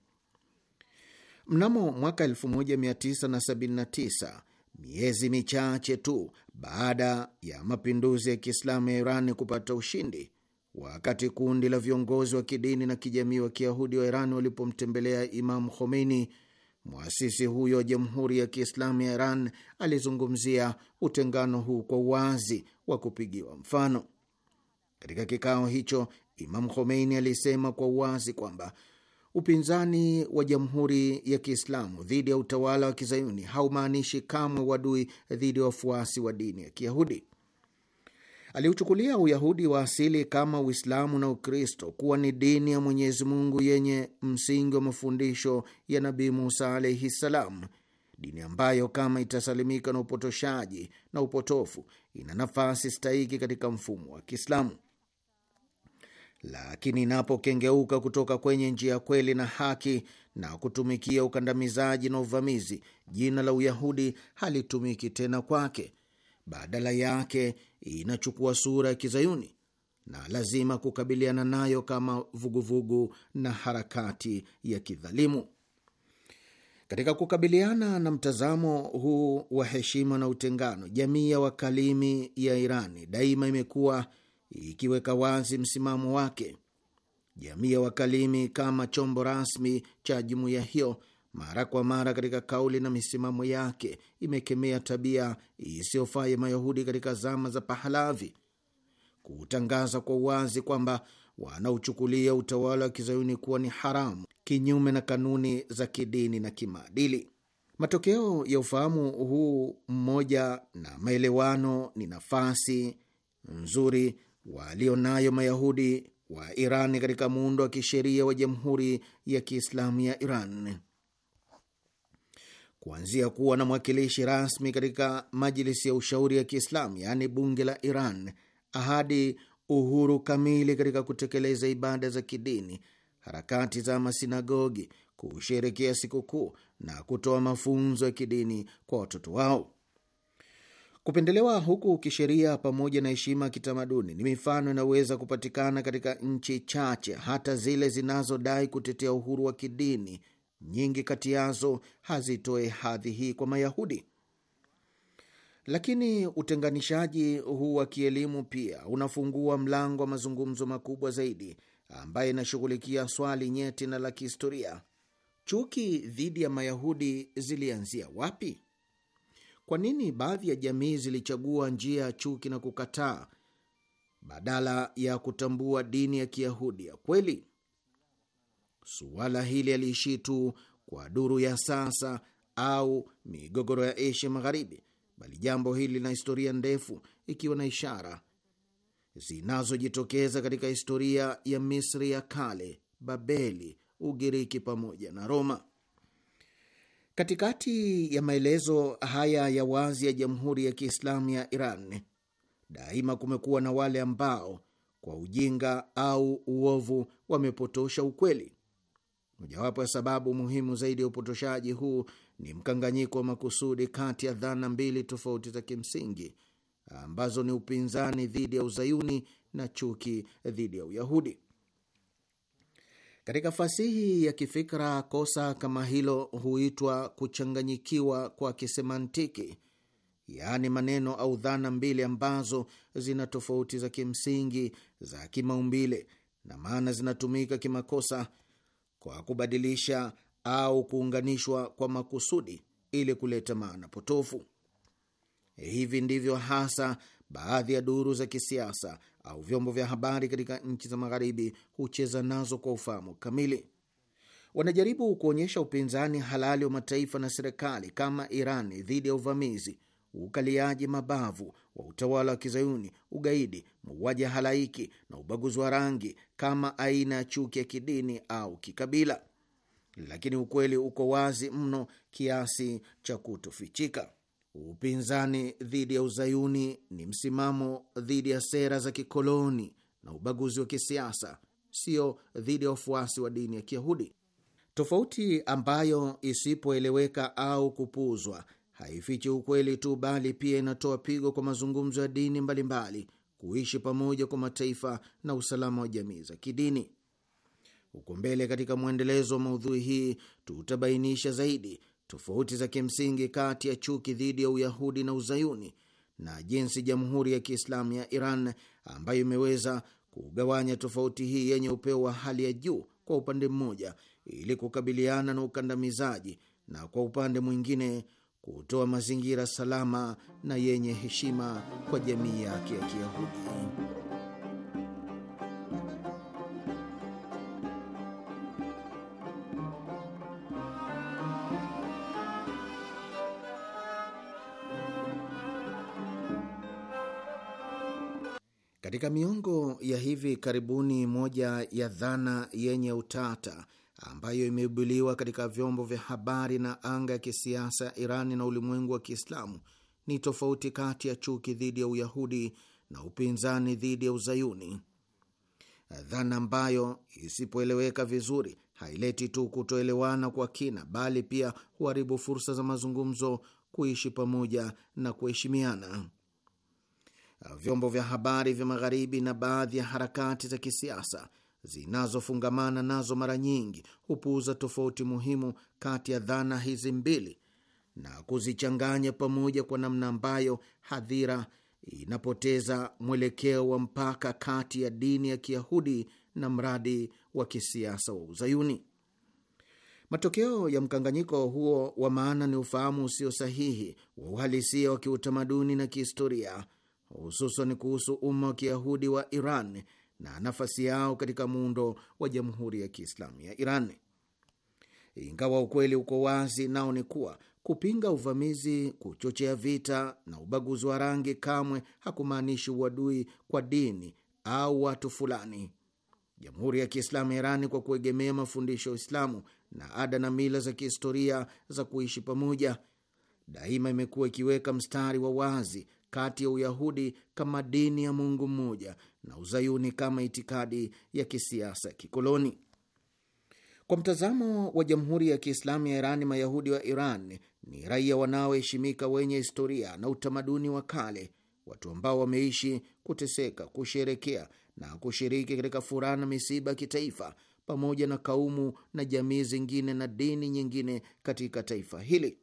Mnamo mwaka 1979 miezi michache tu baada ya mapinduzi ya Kiislamu ya Iran kupata ushindi, wakati kundi la viongozi wa kidini na kijamii wa Kiyahudi wa Iran walipomtembelea Imamu Khomeini, mwasisi huyo wa Jamhuri ya Kiislamu ya Iran alizungumzia utengano huu kwa uwazi wa kupigiwa mfano. Katika kikao hicho, Imamu Khomeini alisema kwa uwazi kwamba Upinzani wa Jamhuri ya Kiislamu dhidi ya utawala wa kizayuni haumaanishi kamwe uadui dhidi ya wafuasi wa dini ya Kiyahudi. Aliuchukulia Uyahudi wa asili kama Uislamu na Ukristo kuwa ni dini ya Mwenyezi Mungu yenye msingi wa mafundisho ya Nabii Musa alaihi ssalam, dini ambayo kama itasalimika na upotoshaji na upotofu, ina nafasi stahiki katika mfumo wa Kiislamu lakini inapokengeuka kutoka kwenye njia ya kweli na haki na kutumikia ukandamizaji na uvamizi, jina la Uyahudi halitumiki tena kwake. Badala yake inachukua sura ya Kizayuni na lazima kukabiliana nayo kama vuguvugu vugu na harakati ya kidhalimu. Katika kukabiliana na mtazamo huu wa heshima na utengano, jamii ya Wakalimi ya Irani daima imekuwa ikiweka wazi msimamo wake. Jamii ya wakalimi kama chombo rasmi cha jumuiya hiyo, mara kwa mara katika kauli na misimamo yake imekemea tabia isiyofaa ya Mayahudi katika zama za Pahalavi, kutangaza kwa uwazi kwamba wanaochukulia utawala wa kizayuni kuwa ni haramu, kinyume na kanuni za kidini na kimaadili. Matokeo ya ufahamu huu mmoja na maelewano ni nafasi nzuri walionayo Mayahudi wa Iran katika muundo wa kisheria wa Jamhuri ya Kiislamu ya Iran, kuanzia kuwa na mwakilishi rasmi katika majlisi ya Ushauri ya Kiislamu, yaani bunge la Iran, ahadi uhuru kamili katika kutekeleza ibada za kidini, harakati za masinagogi, kusherekea sikukuu na kutoa mafunzo ya kidini kwa watoto wao. Kupendelewa huku kisheria pamoja na heshima ya kitamaduni ni mifano inayoweza kupatikana katika nchi chache, hata zile zinazodai kutetea uhuru wa kidini. Nyingi kati yazo hazitoe hadhi hii kwa Mayahudi. Lakini utenganishaji huu wa kielimu pia unafungua mlango wa mazungumzo makubwa zaidi ambaye inashughulikia swali nyeti na la kihistoria: chuki dhidi ya Mayahudi zilianzia wapi? Kwa nini baadhi ya jamii zilichagua njia ya chuki na kukataa badala ya kutambua dini ya Kiyahudi ya kweli? Suala hili aliishi tu kwa duru ya sasa au migogoro ya Asia Magharibi, bali jambo hili lina historia ndefu, ikiwa na ishara zinazojitokeza katika historia ya Misri ya kale, Babeli, Ugiriki pamoja na Roma. Katikati ya maelezo haya ya wazi ya Jamhuri ya Kiislamu ya Iran, daima kumekuwa na wale ambao kwa ujinga au uovu wamepotosha ukweli. Mojawapo ya sababu muhimu zaidi ya upotoshaji huu ni mkanganyiko wa makusudi kati ya dhana mbili tofauti za kimsingi ambazo ni upinzani dhidi ya uzayuni na chuki dhidi ya Uyahudi. Katika fasihi ya kifikra, kosa kama hilo huitwa kuchanganyikiwa kwa kisemantiki, yaani maneno au dhana mbili ambazo zina tofauti za kimsingi za kimaumbile na maana zinatumika kimakosa kwa kubadilisha au kuunganishwa kwa makusudi ili kuleta maana potofu. Hivi ndivyo hasa baadhi ya duru za kisiasa au vyombo vya habari katika nchi za magharibi hucheza nazo kwa ufahamu kamili. Wanajaribu kuonyesha upinzani halali wa mataifa na serikali kama Iran dhidi ya uvamizi, ukaliaji mabavu wa utawala wa Kizayuni, ugaidi, mauaji ya halaiki na ubaguzi wa rangi kama aina ya chuki ya kidini au kikabila, lakini ukweli uko wazi mno kiasi cha kutofichika. Upinzani dhidi ya uzayuni ni msimamo dhidi ya sera za kikoloni na ubaguzi wa kisiasa, sio dhidi ya wafuasi wa dini ya Kiyahudi. Tofauti ambayo isipoeleweka au kupuuzwa haifichi ukweli tu, bali pia inatoa pigo kwa mazungumzo ya dini mbalimbali mbali, kuishi pamoja kwa mataifa na usalama wa jamii za kidini. Huko mbele katika mwendelezo wa maudhui hii tutabainisha zaidi tofauti za kimsingi kati ya chuki dhidi ya Uyahudi na Uzayuni na jinsi Jamhuri ya Kiislamu ya Iran ambayo imeweza kugawanya tofauti hii yenye upeo wa hali ya juu kwa upande mmoja ili kukabiliana na ukandamizaji na kwa upande mwingine kutoa mazingira salama na yenye heshima kwa jamii yake ya Kiyahudi. Katika miongo ya hivi karibuni, moja ya dhana yenye utata ambayo imeibuliwa katika vyombo vya habari na anga ya kisiasa Irani na ulimwengu wa Kiislamu ni tofauti kati ya chuki dhidi ya Uyahudi na upinzani dhidi ya Uzayuni, dhana ambayo isipoeleweka vizuri haileti tu kutoelewana kwa kina, bali pia huharibu fursa za mazungumzo, kuishi pamoja na kuheshimiana vyombo vya habari vya Magharibi na baadhi ya harakati za kisiasa zinazofungamana nazo mara nyingi hupuuza tofauti muhimu kati ya dhana hizi mbili na kuzichanganya pamoja kwa namna ambayo hadhira inapoteza mwelekeo wa mpaka kati ya dini ya Kiyahudi na mradi wa kisiasa wa Uzayuni. Matokeo ya mkanganyiko huo wa maana ni ufahamu usio sahihi wa uhalisia wa kiutamaduni na kihistoria hususan kuhusu umma wa Kiyahudi wa Iran na nafasi yao katika muundo wa Jamhuri ya Kiislamu ya Iran. Ingawa ukweli uko wazi nao ni kuwa kupinga uvamizi, kuchochea vita na ubaguzi wa rangi kamwe hakumaanishi uadui kwa dini au watu fulani. Jamhuri ya Kiislamu ya Irani, kwa kuegemea mafundisho ya Uislamu na ada na mila za kihistoria za kuishi pamoja, daima imekuwa ikiweka mstari wa wazi kati ya Uyahudi kama dini ya Mungu mmoja na Uzayuni kama itikadi ya kisiasa kikoloni. Kwa mtazamo wa Jamhuri ya Kiislamu ya Irani, Mayahudi wa Iran ni raia wanaoheshimika wenye historia na utamaduni wa kale, watu ambao wameishi kuteseka, kusherekea na kushiriki katika furaha na misiba ya kitaifa pamoja na kaumu na jamii zingine na dini nyingine katika taifa hili.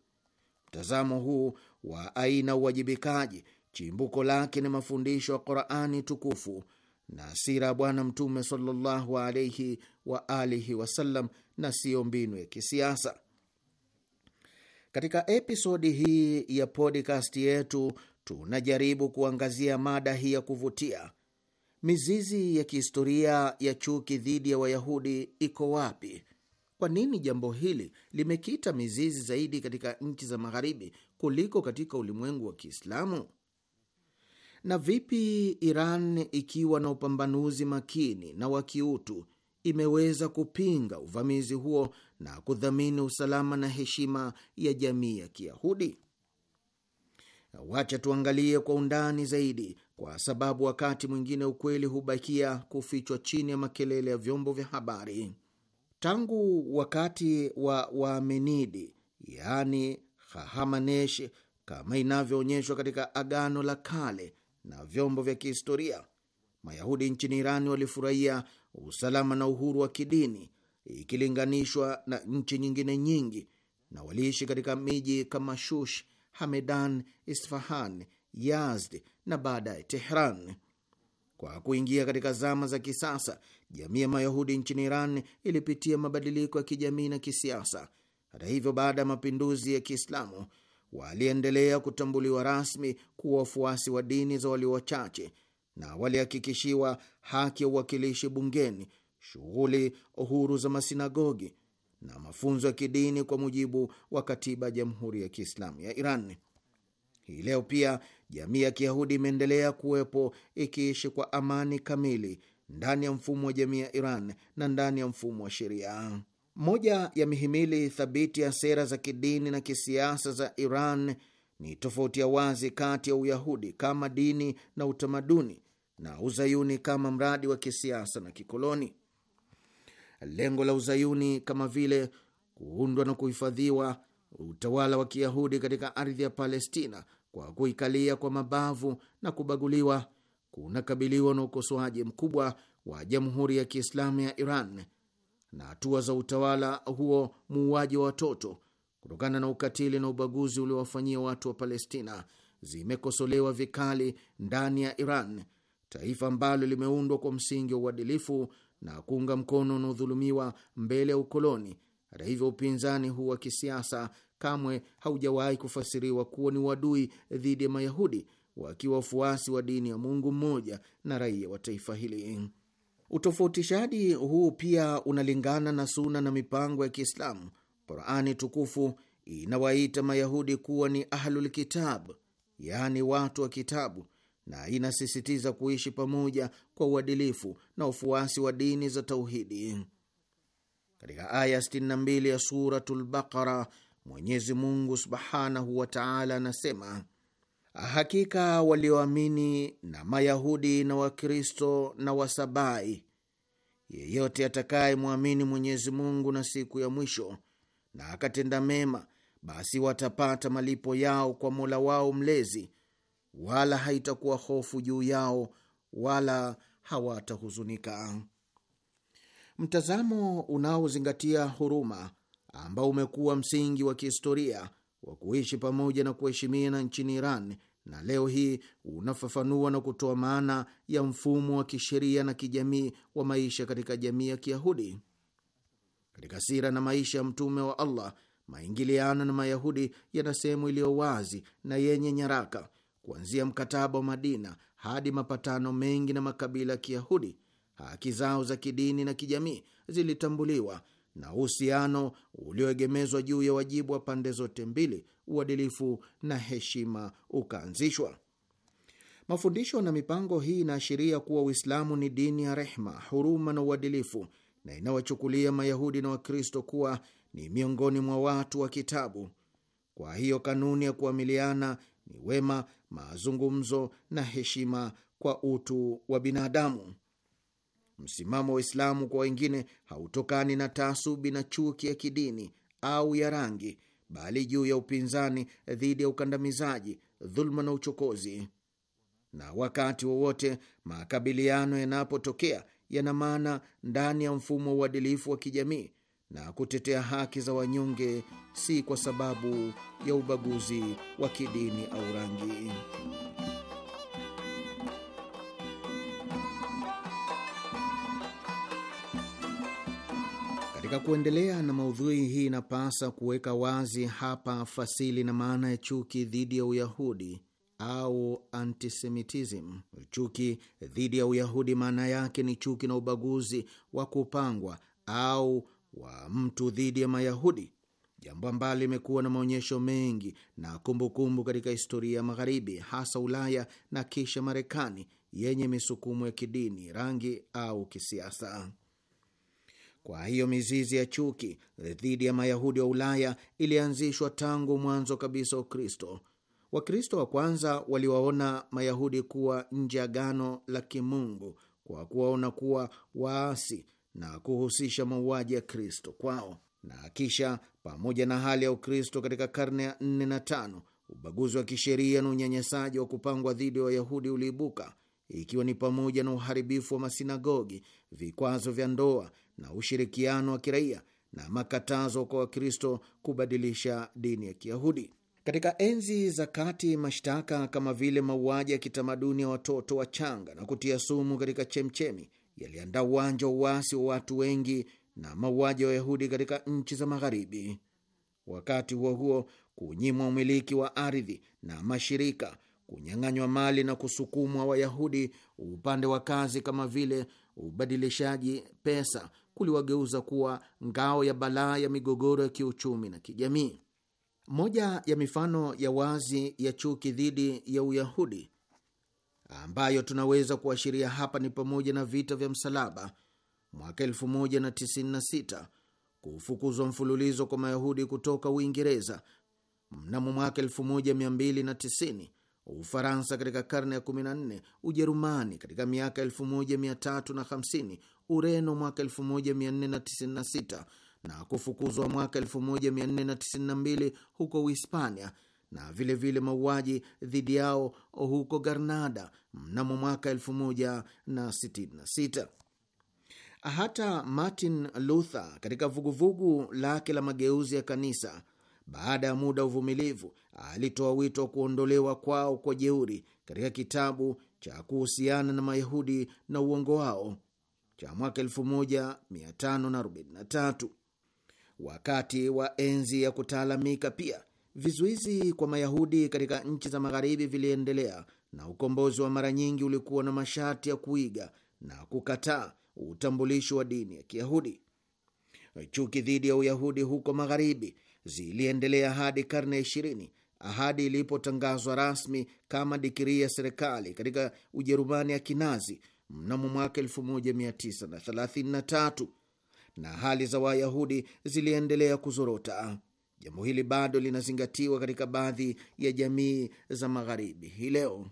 Mtazamo huu wa aina uwajibikaji, chimbuko lake ni mafundisho ya Qurani tukufu na asira ya Bwana Mtume sallallahu alaihi wa alihi wasallam na siyo mbinu ya kisiasa. Katika episodi hii ya podcast yetu tunajaribu kuangazia mada hii ya kuvutia: mizizi ya kihistoria ya chuki dhidi ya Wayahudi iko wapi kwa nini jambo hili limekita mizizi zaidi katika nchi za magharibi kuliko katika ulimwengu wa Kiislamu? Na vipi Iran ikiwa na upambanuzi makini na wa kiutu imeweza kupinga uvamizi huo na kudhamini usalama na heshima ya jamii ya Kiyahudi? Wacha tuangalie kwa undani zaidi, kwa sababu wakati mwingine ukweli hubakia kufichwa chini ya makelele ya vyombo vya habari. Tangu wakati wa Wamenidi, yaani Hahamanesh, kama inavyoonyeshwa katika Agano la Kale na vyombo vya kihistoria, Mayahudi nchini Irani walifurahia usalama na uhuru wa kidini ikilinganishwa na nchi nyingine nyingi, na waliishi katika miji kama Shush, Hamedan, Isfahan, Yazd na baadaye Tehran. Kwa kuingia katika zama za kisasa, jamii ya Mayahudi nchini Iran ilipitia mabadiliko ya kijamii na kisiasa. Hata hivyo, baada ya mapinduzi ya Kiislamu waliendelea kutambuliwa rasmi kuwa wafuasi wa dini za walio wachache na walihakikishiwa haki ya uwakilishi bungeni, shughuli uhuru za masinagogi na mafunzo ya kidini kwa mujibu wa katiba ya Jamhuri ya Kiislamu ya Iran. Hii leo pia jamii ya Kiyahudi imeendelea kuwepo ikiishi kwa amani kamili ndani ya mfumo wa jamii ya Iran na ndani ya mfumo wa sheria. Moja ya mihimili thabiti ya sera za kidini na kisiasa za Iran ni tofauti ya wazi kati ya Uyahudi kama dini na utamaduni na Uzayuni kama mradi wa kisiasa na kikoloni. Lengo la Uzayuni kama vile kuundwa na kuhifadhiwa utawala wa Kiyahudi katika ardhi ya Palestina kwa kuikalia kwa mabavu na kubaguliwa kunakabiliwa na ukosoaji mkubwa wa Jamhuri ya Kiislamu ya Iran na hatua za utawala huo muuaji wa watoto kutokana na ukatili na ubaguzi uliowafanyia watu wa Palestina zimekosolewa vikali ndani ya Iran, taifa ambalo limeundwa kwa msingi wa uadilifu na kuunga mkono unaodhulumiwa mbele ya ukoloni. Hata hivyo, upinzani huu wa kisiasa kamwe haujawahi kufasiriwa kuwa ni uadui dhidi ya Mayahudi wakiwa wafuasi wa dini ya Mungu mmoja na raia wa taifa hili. Utofautishaji huu pia unalingana na suna na mipango ya Kiislamu. Qurani tukufu inawaita Mayahudi kuwa ni Ahlulkitab, yaani watu wa kitabu, na inasisitiza kuishi pamoja kwa uadilifu na ufuasi wa dini za tauhidi. Katika aya 62 ya Suratul Baqara, Mwenyezi Mungu subhanahu wa taala anasema Hakika walioamini na Mayahudi na Wakristo na Wasabai, yeyote atakayemwamini Mwenyezi Mungu na siku ya mwisho na akatenda mema, basi watapata malipo yao kwa Mola wao Mlezi, wala haitakuwa hofu juu yao wala hawatahuzunika. Mtazamo unaozingatia huruma ambao umekuwa msingi wa kihistoria wa kuishi pamoja na kuheshimiana nchini Iran, na leo hii unafafanua na kutoa maana ya mfumo wa kisheria na kijamii wa maisha katika jamii ya Kiyahudi. Katika sira na maisha ya Mtume wa Allah, maingiliano na Mayahudi yana sehemu iliyo wazi na yenye nyaraka, kuanzia mkataba wa Madina hadi mapatano mengi na makabila ya Kiyahudi. Haki zao za kidini na kijamii zilitambuliwa na uhusiano ulioegemezwa juu ya wajibu wa pande zote mbili, uadilifu na heshima ukaanzishwa. Mafundisho na mipango hii inaashiria kuwa Uislamu ni dini ya rehma, huruma na uadilifu, na inawachukulia Mayahudi na Wakristo kuwa ni miongoni mwa watu wa Kitabu. Kwa hiyo kanuni ya kuamiliana ni wema, mazungumzo na heshima kwa utu wa binadamu. Msimamo wa Uislamu kwa wengine hautokani na taasubi na chuki ya kidini au ya rangi, bali juu ya upinzani dhidi ya ukandamizaji, dhuluma na uchokozi. Na wakati wowote makabiliano yanapotokea, yana maana ndani ya mfumo wa uadilifu wa kijamii na kutetea haki za wanyonge, si kwa sababu ya ubaguzi wa kidini au rangi. Katika kuendelea na maudhui hii, inapasa kuweka wazi hapa fasili na maana ya chuki dhidi ya Uyahudi au antisemitism. Chuki dhidi ya Uyahudi maana yake ni chuki na ubaguzi wa kupangwa au wa mtu dhidi ya Mayahudi, jambo ambalo limekuwa na maonyesho mengi na kumbukumbu kumbu katika historia ya Magharibi, hasa Ulaya na kisha Marekani, yenye misukumo ya kidini, rangi au kisiasa. Kwa hiyo mizizi ya chuki dhidi ya Mayahudi wa Ulaya ilianzishwa tangu mwanzo kabisa Ukristo. Wakristo wa kwanza waliwaona Mayahudi kuwa nje ya gano la kimungu kwa kuwaona kuwa waasi na kuhusisha mauaji ya Kristo kwao, na kisha pamoja na hali ya Ukristo katika karne ya nne na tano, ubaguzi wa kisheria na unyanyasaji wa kupangwa dhidi ya Wayahudi uliibuka ikiwa ni pamoja na uharibifu wa masinagogi, vikwazo vya ndoa na ushirikiano wa kiraia na makatazo kwa Wakristo kubadilisha dini ya Kiyahudi. Katika enzi za kati, mashtaka kama vile mauaji ya kitamaduni ya watoto wachanga na kutia sumu katika chemchemi yaliandaa uwanja wa uasi wa watu wengi na mauaji ya Wayahudi katika nchi za Magharibi. Wakati huo huo, kunyimwa umiliki wa ardhi na mashirika kunyang'anywa mali na kusukumwa Wayahudi upande wa kazi kama vile ubadilishaji pesa kuliwageuza kuwa ngao ya balaa ya migogoro ya kiuchumi na kijamii. Moja ya mifano ya wazi ya chuki dhidi ya Uyahudi ambayo tunaweza kuashiria hapa ni pamoja na vita vya msalaba mwaka 1096, kufukuzwa mfululizo kwa Mayahudi kutoka Uingereza mnamo mwaka 1290 Ufaransa katika karne ya 14, Ujerumani katika miaka 1350, Ureno mwaka 1496 na kufukuzwa mwaka 1492 huko Uhispania na vilevile mauaji dhidi yao huko garnada mnamo mwaka 1066. Hata Martin Luther katika vuguvugu lake la mageuzi ya kanisa baada ya muda uvumilivu, alitoa wito wa kuondolewa kwao kwa jeuri katika kitabu cha kuhusiana na Mayahudi na uongo wao cha mwaka 1543 wakati wa enzi ya kutaalamika. Pia vizuizi kwa Mayahudi katika nchi za magharibi viliendelea na ukombozi wa mara nyingi ulikuwa na masharti ya kuiga na kukataa utambulisho wa dini ya Kiyahudi chuki dhidi ya Uyahudi huko magharibi ziliendelea hadi karne ya ishirini ahadi ilipotangazwa rasmi kama dikirii ya serikali katika Ujerumani ya Kinazi mnamo mwaka 1933 na hali za Wayahudi ziliendelea kuzorota. Jambo hili bado linazingatiwa katika baadhi ya jamii za magharibi hii leo.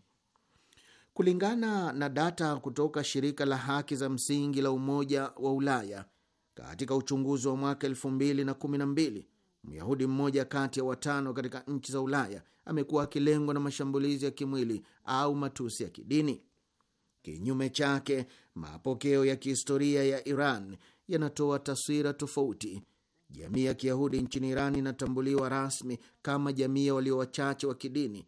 Kulingana na data kutoka shirika la haki za msingi la Umoja wa Ulaya, katika uchunguzi wa mwaka elfu mbili na kumi na mbili, myahudi mmoja kati ya watano katika nchi za Ulaya amekuwa akilengwa na mashambulizi ya kimwili au matusi ya kidini. Kinyume chake, mapokeo ya kihistoria ya Iran yanatoa taswira tofauti. Jamii ya Kiyahudi nchini Iran inatambuliwa rasmi kama jamii ya walio wachache wa kidini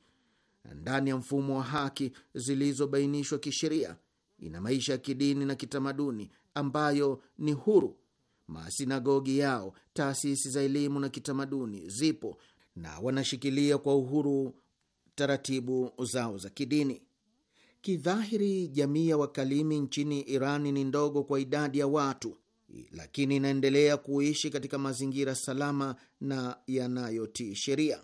ndani ya mfumo wa haki zilizobainishwa kisheria. Ina maisha ya kidini na kitamaduni ambayo ni huru masinagogi yao, taasisi za elimu na kitamaduni zipo na wanashikilia kwa uhuru taratibu zao za kidini. Kidhahiri, jamii ya Wakalimi nchini Irani ni ndogo kwa idadi ya watu, lakini inaendelea kuishi katika mazingira salama na yanayotii sheria.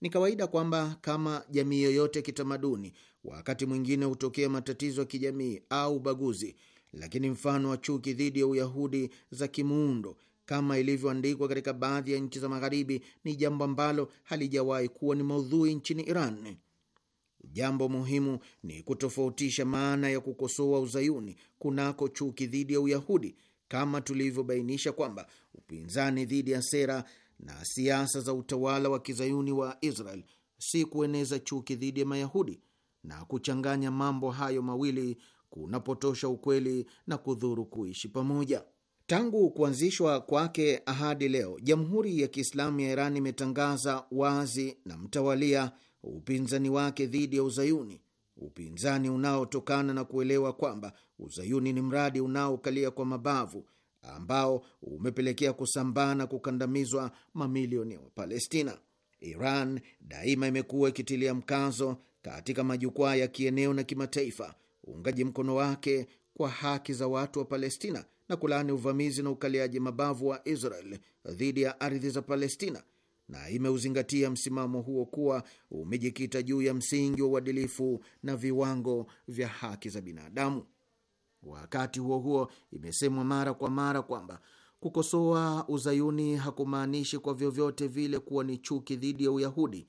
Ni kawaida kwamba kama jamii yoyote ya kitamaduni, wakati mwingine hutokea matatizo ya kijamii au ubaguzi, lakini mfano wa chuki dhidi ya Uyahudi za kimuundo kama ilivyoandikwa katika baadhi ya nchi za Magharibi ni jambo ambalo halijawahi kuwa ni maudhui nchini Iran. Jambo muhimu ni kutofautisha maana ya kukosoa uzayuni kunako chuki dhidi ya Uyahudi, kama tulivyobainisha kwamba upinzani dhidi ya sera na siasa za utawala wa kizayuni wa Israel si kueneza chuki dhidi ya Mayahudi, na kuchanganya mambo hayo mawili kunapotosha ukweli na kudhuru kuishi pamoja. Tangu kuanzishwa kwake hadi leo, Jamhuri ya Kiislamu ya Iran imetangaza wazi na mtawalia upinzani wake dhidi ya Uzayuni, upinzani unaotokana na kuelewa kwamba Uzayuni ni mradi unaokalia kwa mabavu ambao umepelekea kusambaa na kukandamizwa mamilioni ya Wapalestina. Iran daima imekuwa ikitilia mkazo katika majukwaa ya kieneo na kimataifa uungaji mkono wake kwa haki za watu wa Palestina na kulaani uvamizi na ukaliaji mabavu wa Israel dhidi ya ardhi za Palestina, na imeuzingatia msimamo huo kuwa umejikita juu ya msingi wa uadilifu na viwango vya haki za binadamu. Wakati huo huo, imesemwa mara kwa mara kwamba kukosoa uzayuni hakumaanishi kwa vyovyote vile kuwa ni chuki dhidi ya Uyahudi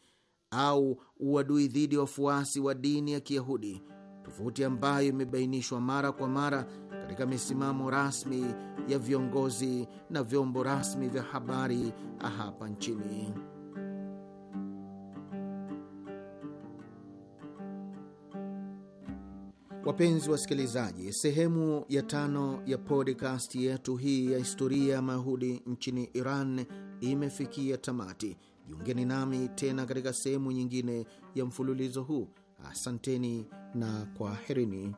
au uadui dhidi ya wafuasi wa dini ya Kiyahudi tofauti ambayo imebainishwa mara kwa mara katika misimamo rasmi ya viongozi na vyombo rasmi vya habari hapa nchini. Wapenzi wasikilizaji, sehemu ya tano ya podcast yetu hii ya historia ya Mayahudi nchini Iran imefikia tamati. Jiungeni nami tena katika sehemu nyingine ya mfululizo huu. Asanteni na kwaherini.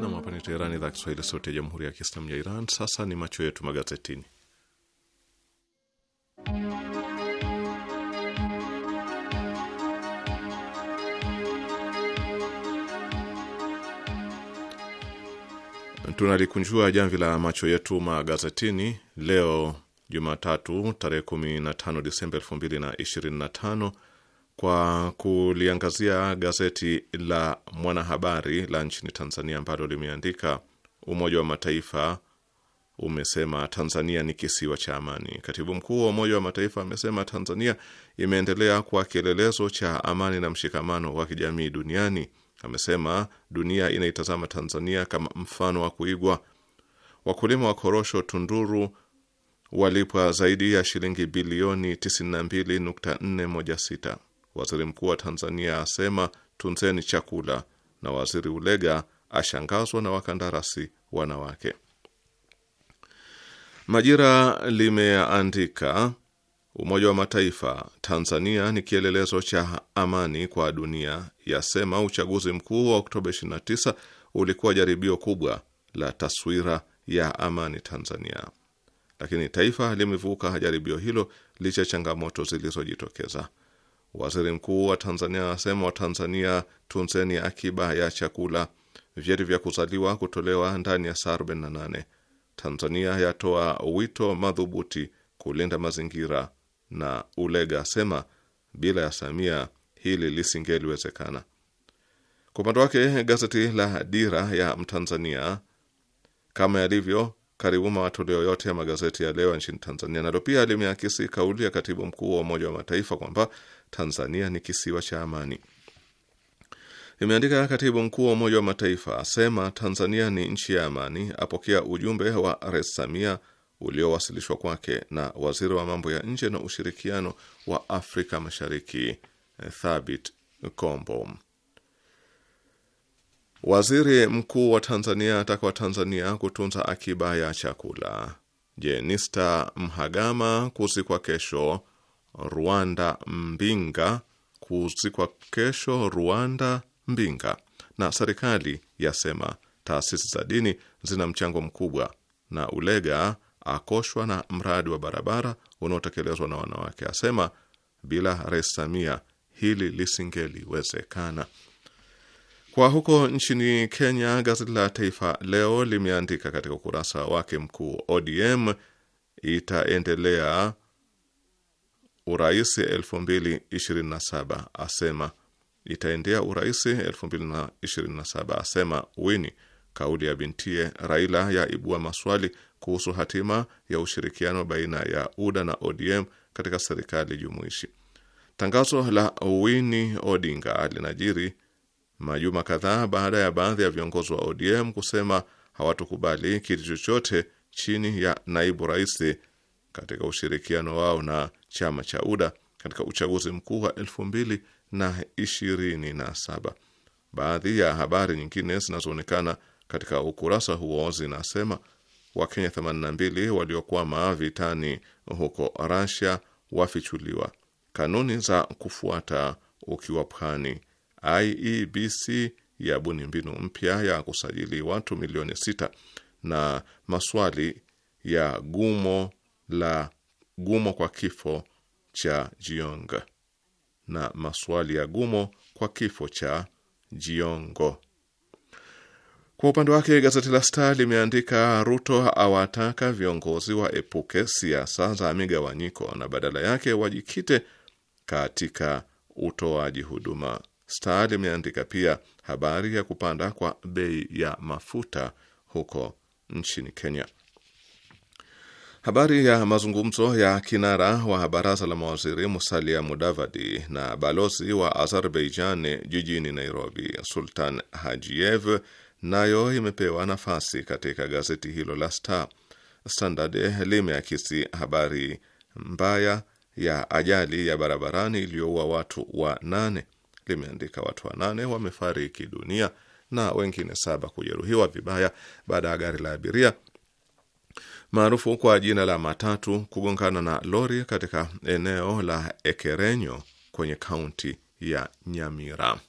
Nam, hapa ni Teherani, idhaa Kiswahili, sauti ya jamhuri ya kiislamu ya Iran. Sasa ni macho yetu magazetini. tunalikunjua jamvi la macho yetu magazetini leo Jumatatu tarehe 15 Disemba 2025 kwa kuliangazia gazeti la Mwanahabari la nchini Tanzania ambalo limeandika Umoja wa Mataifa umesema Tanzania ni kisiwa cha amani. Katibu mkuu wa Umoja wa Mataifa amesema Tanzania imeendelea kuwa kielelezo cha amani na mshikamano wa kijamii duniani. Amesema dunia inaitazama Tanzania kama mfano wa kuigwa. Wakulima wa korosho Tunduru walipwa zaidi ya shilingi bilioni 92.416. Waziri mkuu wa Tanzania asema tunzeni chakula, na waziri Ulega ashangazwa na wakandarasi wanawake. Majira limeandika Umoja wa Mataifa, Tanzania ni kielelezo cha amani kwa dunia, yasema uchaguzi mkuu wa Oktoba 29 ulikuwa jaribio kubwa la taswira ya amani Tanzania, lakini taifa limevuka jaribio hilo licha ya changamoto zilizojitokeza. Waziri Mkuu wa Tanzania anasema Watanzania, tunzeni akiba ya chakula. Vyeti vya kuzaliwa kutolewa ndani ya saa 48. Tanzania yatoa wito madhubuti kulinda mazingira na Ulega asema bila ya Samia hili lisingeliwezekana. Kwa upande wake gazeti la Dira ya Mtanzania, kama yalivyo karibu matoleo yote ya magazeti ya leo nchini Tanzania, nalo pia limeakisi kauli ya katibu mkuu wa Umoja wa Mataifa kwamba Tanzania ni kisiwa cha amani. Imeandika katibu mkuu wa Umoja wa Mataifa asema Tanzania ni nchi ya amani, apokea ujumbe wa Rais Samia uliowasilishwa kwake na waziri wa mambo ya nje na ushirikiano wa Afrika Mashariki Thabit Kombo. Waziri mkuu wa Tanzania ataka Watanzania kutunza akiba ya chakula. Jenista Mhagama kuzikwa kesho Rwanda Mbinga, kuzikwa kesho Rwanda Mbinga. Na serikali yasema taasisi za dini zina mchango mkubwa. Na Ulega akoshwa na mradi wa barabara unaotekelezwa na wanawake, asema bila Rais Samia hili lisingeliwezekana. Kwa huko nchini Kenya, gazeti la Taifa Leo limeandika katika ukurasa wake mkuu, ODM itaendelea uraisi 2027 asema itaendea urais 2027 asema Wini. Kauli ya bintie Raila ya ibua maswali kuhusu hatima ya ushirikiano baina ya UDA na ODM katika serikali jumuishi. Tangazo la Winnie Odinga linajiri majuma kadhaa baada ya baadhi ya viongozi wa ODM kusema hawatukubali kitu chochote chini ya naibu rais katika ushirikiano wao na chama cha UDA katika uchaguzi mkuu wa elfu mbili na ishirini na saba. Baadhi ya habari nyingine zinazoonekana katika ukurasa huo zinasema Wakenya 82 waliokwama vitani huko Russia wafichuliwa. Kanuni za kufuata ukiwa pwani. IEBC yabuni mbinu mpya ya kusajili watu milioni 6 na maswali ya gumo la gumo kwa kifo cha Jiong na maswali ya gumo kwa kifo cha Jiongo. Kwa upande wake gazeti la Star limeandika Ruto awataka viongozi waepuke siasa za migawanyiko na badala yake wajikite katika utoaji huduma. Star limeandika pia habari ya kupanda kwa bei ya mafuta huko nchini Kenya. Habari ya mazungumzo ya kinara wa baraza la mawaziri Musalia Mudavadi na balozi wa Azerbaijan jijini Nairobi, Sultan Hajiev nayo imepewa nafasi katika gazeti hilo la Star. Standard limeakisi habari mbaya ya ajali ya barabarani iliyoua watu wanane. Limeandika watu wanane wamefariki dunia na wengine saba kujeruhiwa vibaya baada ya gari la abiria maarufu kwa jina la matatu kugongana na lori katika eneo la Ekerenyo kwenye kaunti ya Nyamira.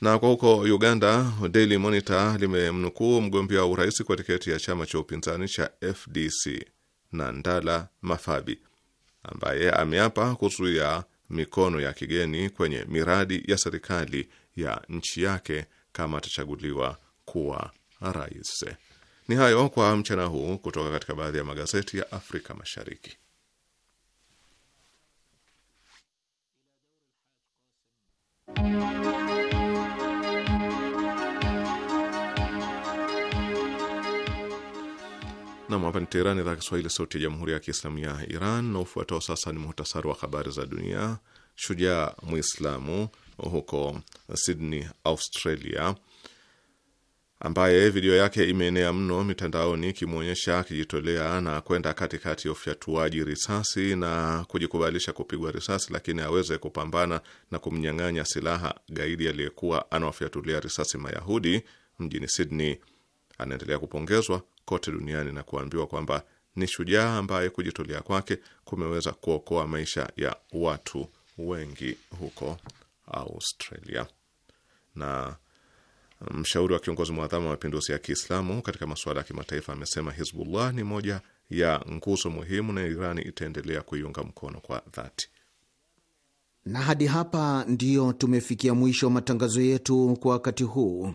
Na kwa huko Uganda, Daily Monitor limemnukuu mgombea wa urais kwa tiketi ya chama cha upinzani cha FDC na ndala Mafabi ambaye ameapa kuzuia mikono ya kigeni kwenye miradi ya serikali ya nchi yake kama atachaguliwa kuwa rais. Ni hayo kwa mchana huu kutoka katika baadhi ya magazeti ya Afrika Mashariki. Nam, hapa ni Teherani, idhaa Kiswahili, sauti ya jamhuri ya kiislamu ya Iran. Na ufuatao sasa ni muhtasari wa habari za dunia. Shujaa Mwislamu huko Sydney, Australia, ambaye video yake imeenea mno mitandaoni ikimwonyesha akijitolea na kwenda katikati ya ufyatuaji risasi na kujikubalisha kupigwa risasi, lakini aweze kupambana na kumnyang'anya silaha gaidi aliyekuwa anawafyatulia risasi Mayahudi mjini Sydney anaendelea kupongezwa kote duniani na kuambiwa kwamba ni shujaa ambaye kujitolea kwake kumeweza kuokoa maisha ya watu wengi huko Australia. Na mshauri wa kiongozi mwadhamu wa mapinduzi ya Kiislamu katika masuala ya kimataifa amesema Hizbullah ni moja ya nguzo muhimu na Irani itaendelea kuiunga mkono kwa dhati. Na hadi hapa ndiyo tumefikia mwisho wa matangazo yetu kwa wakati huu.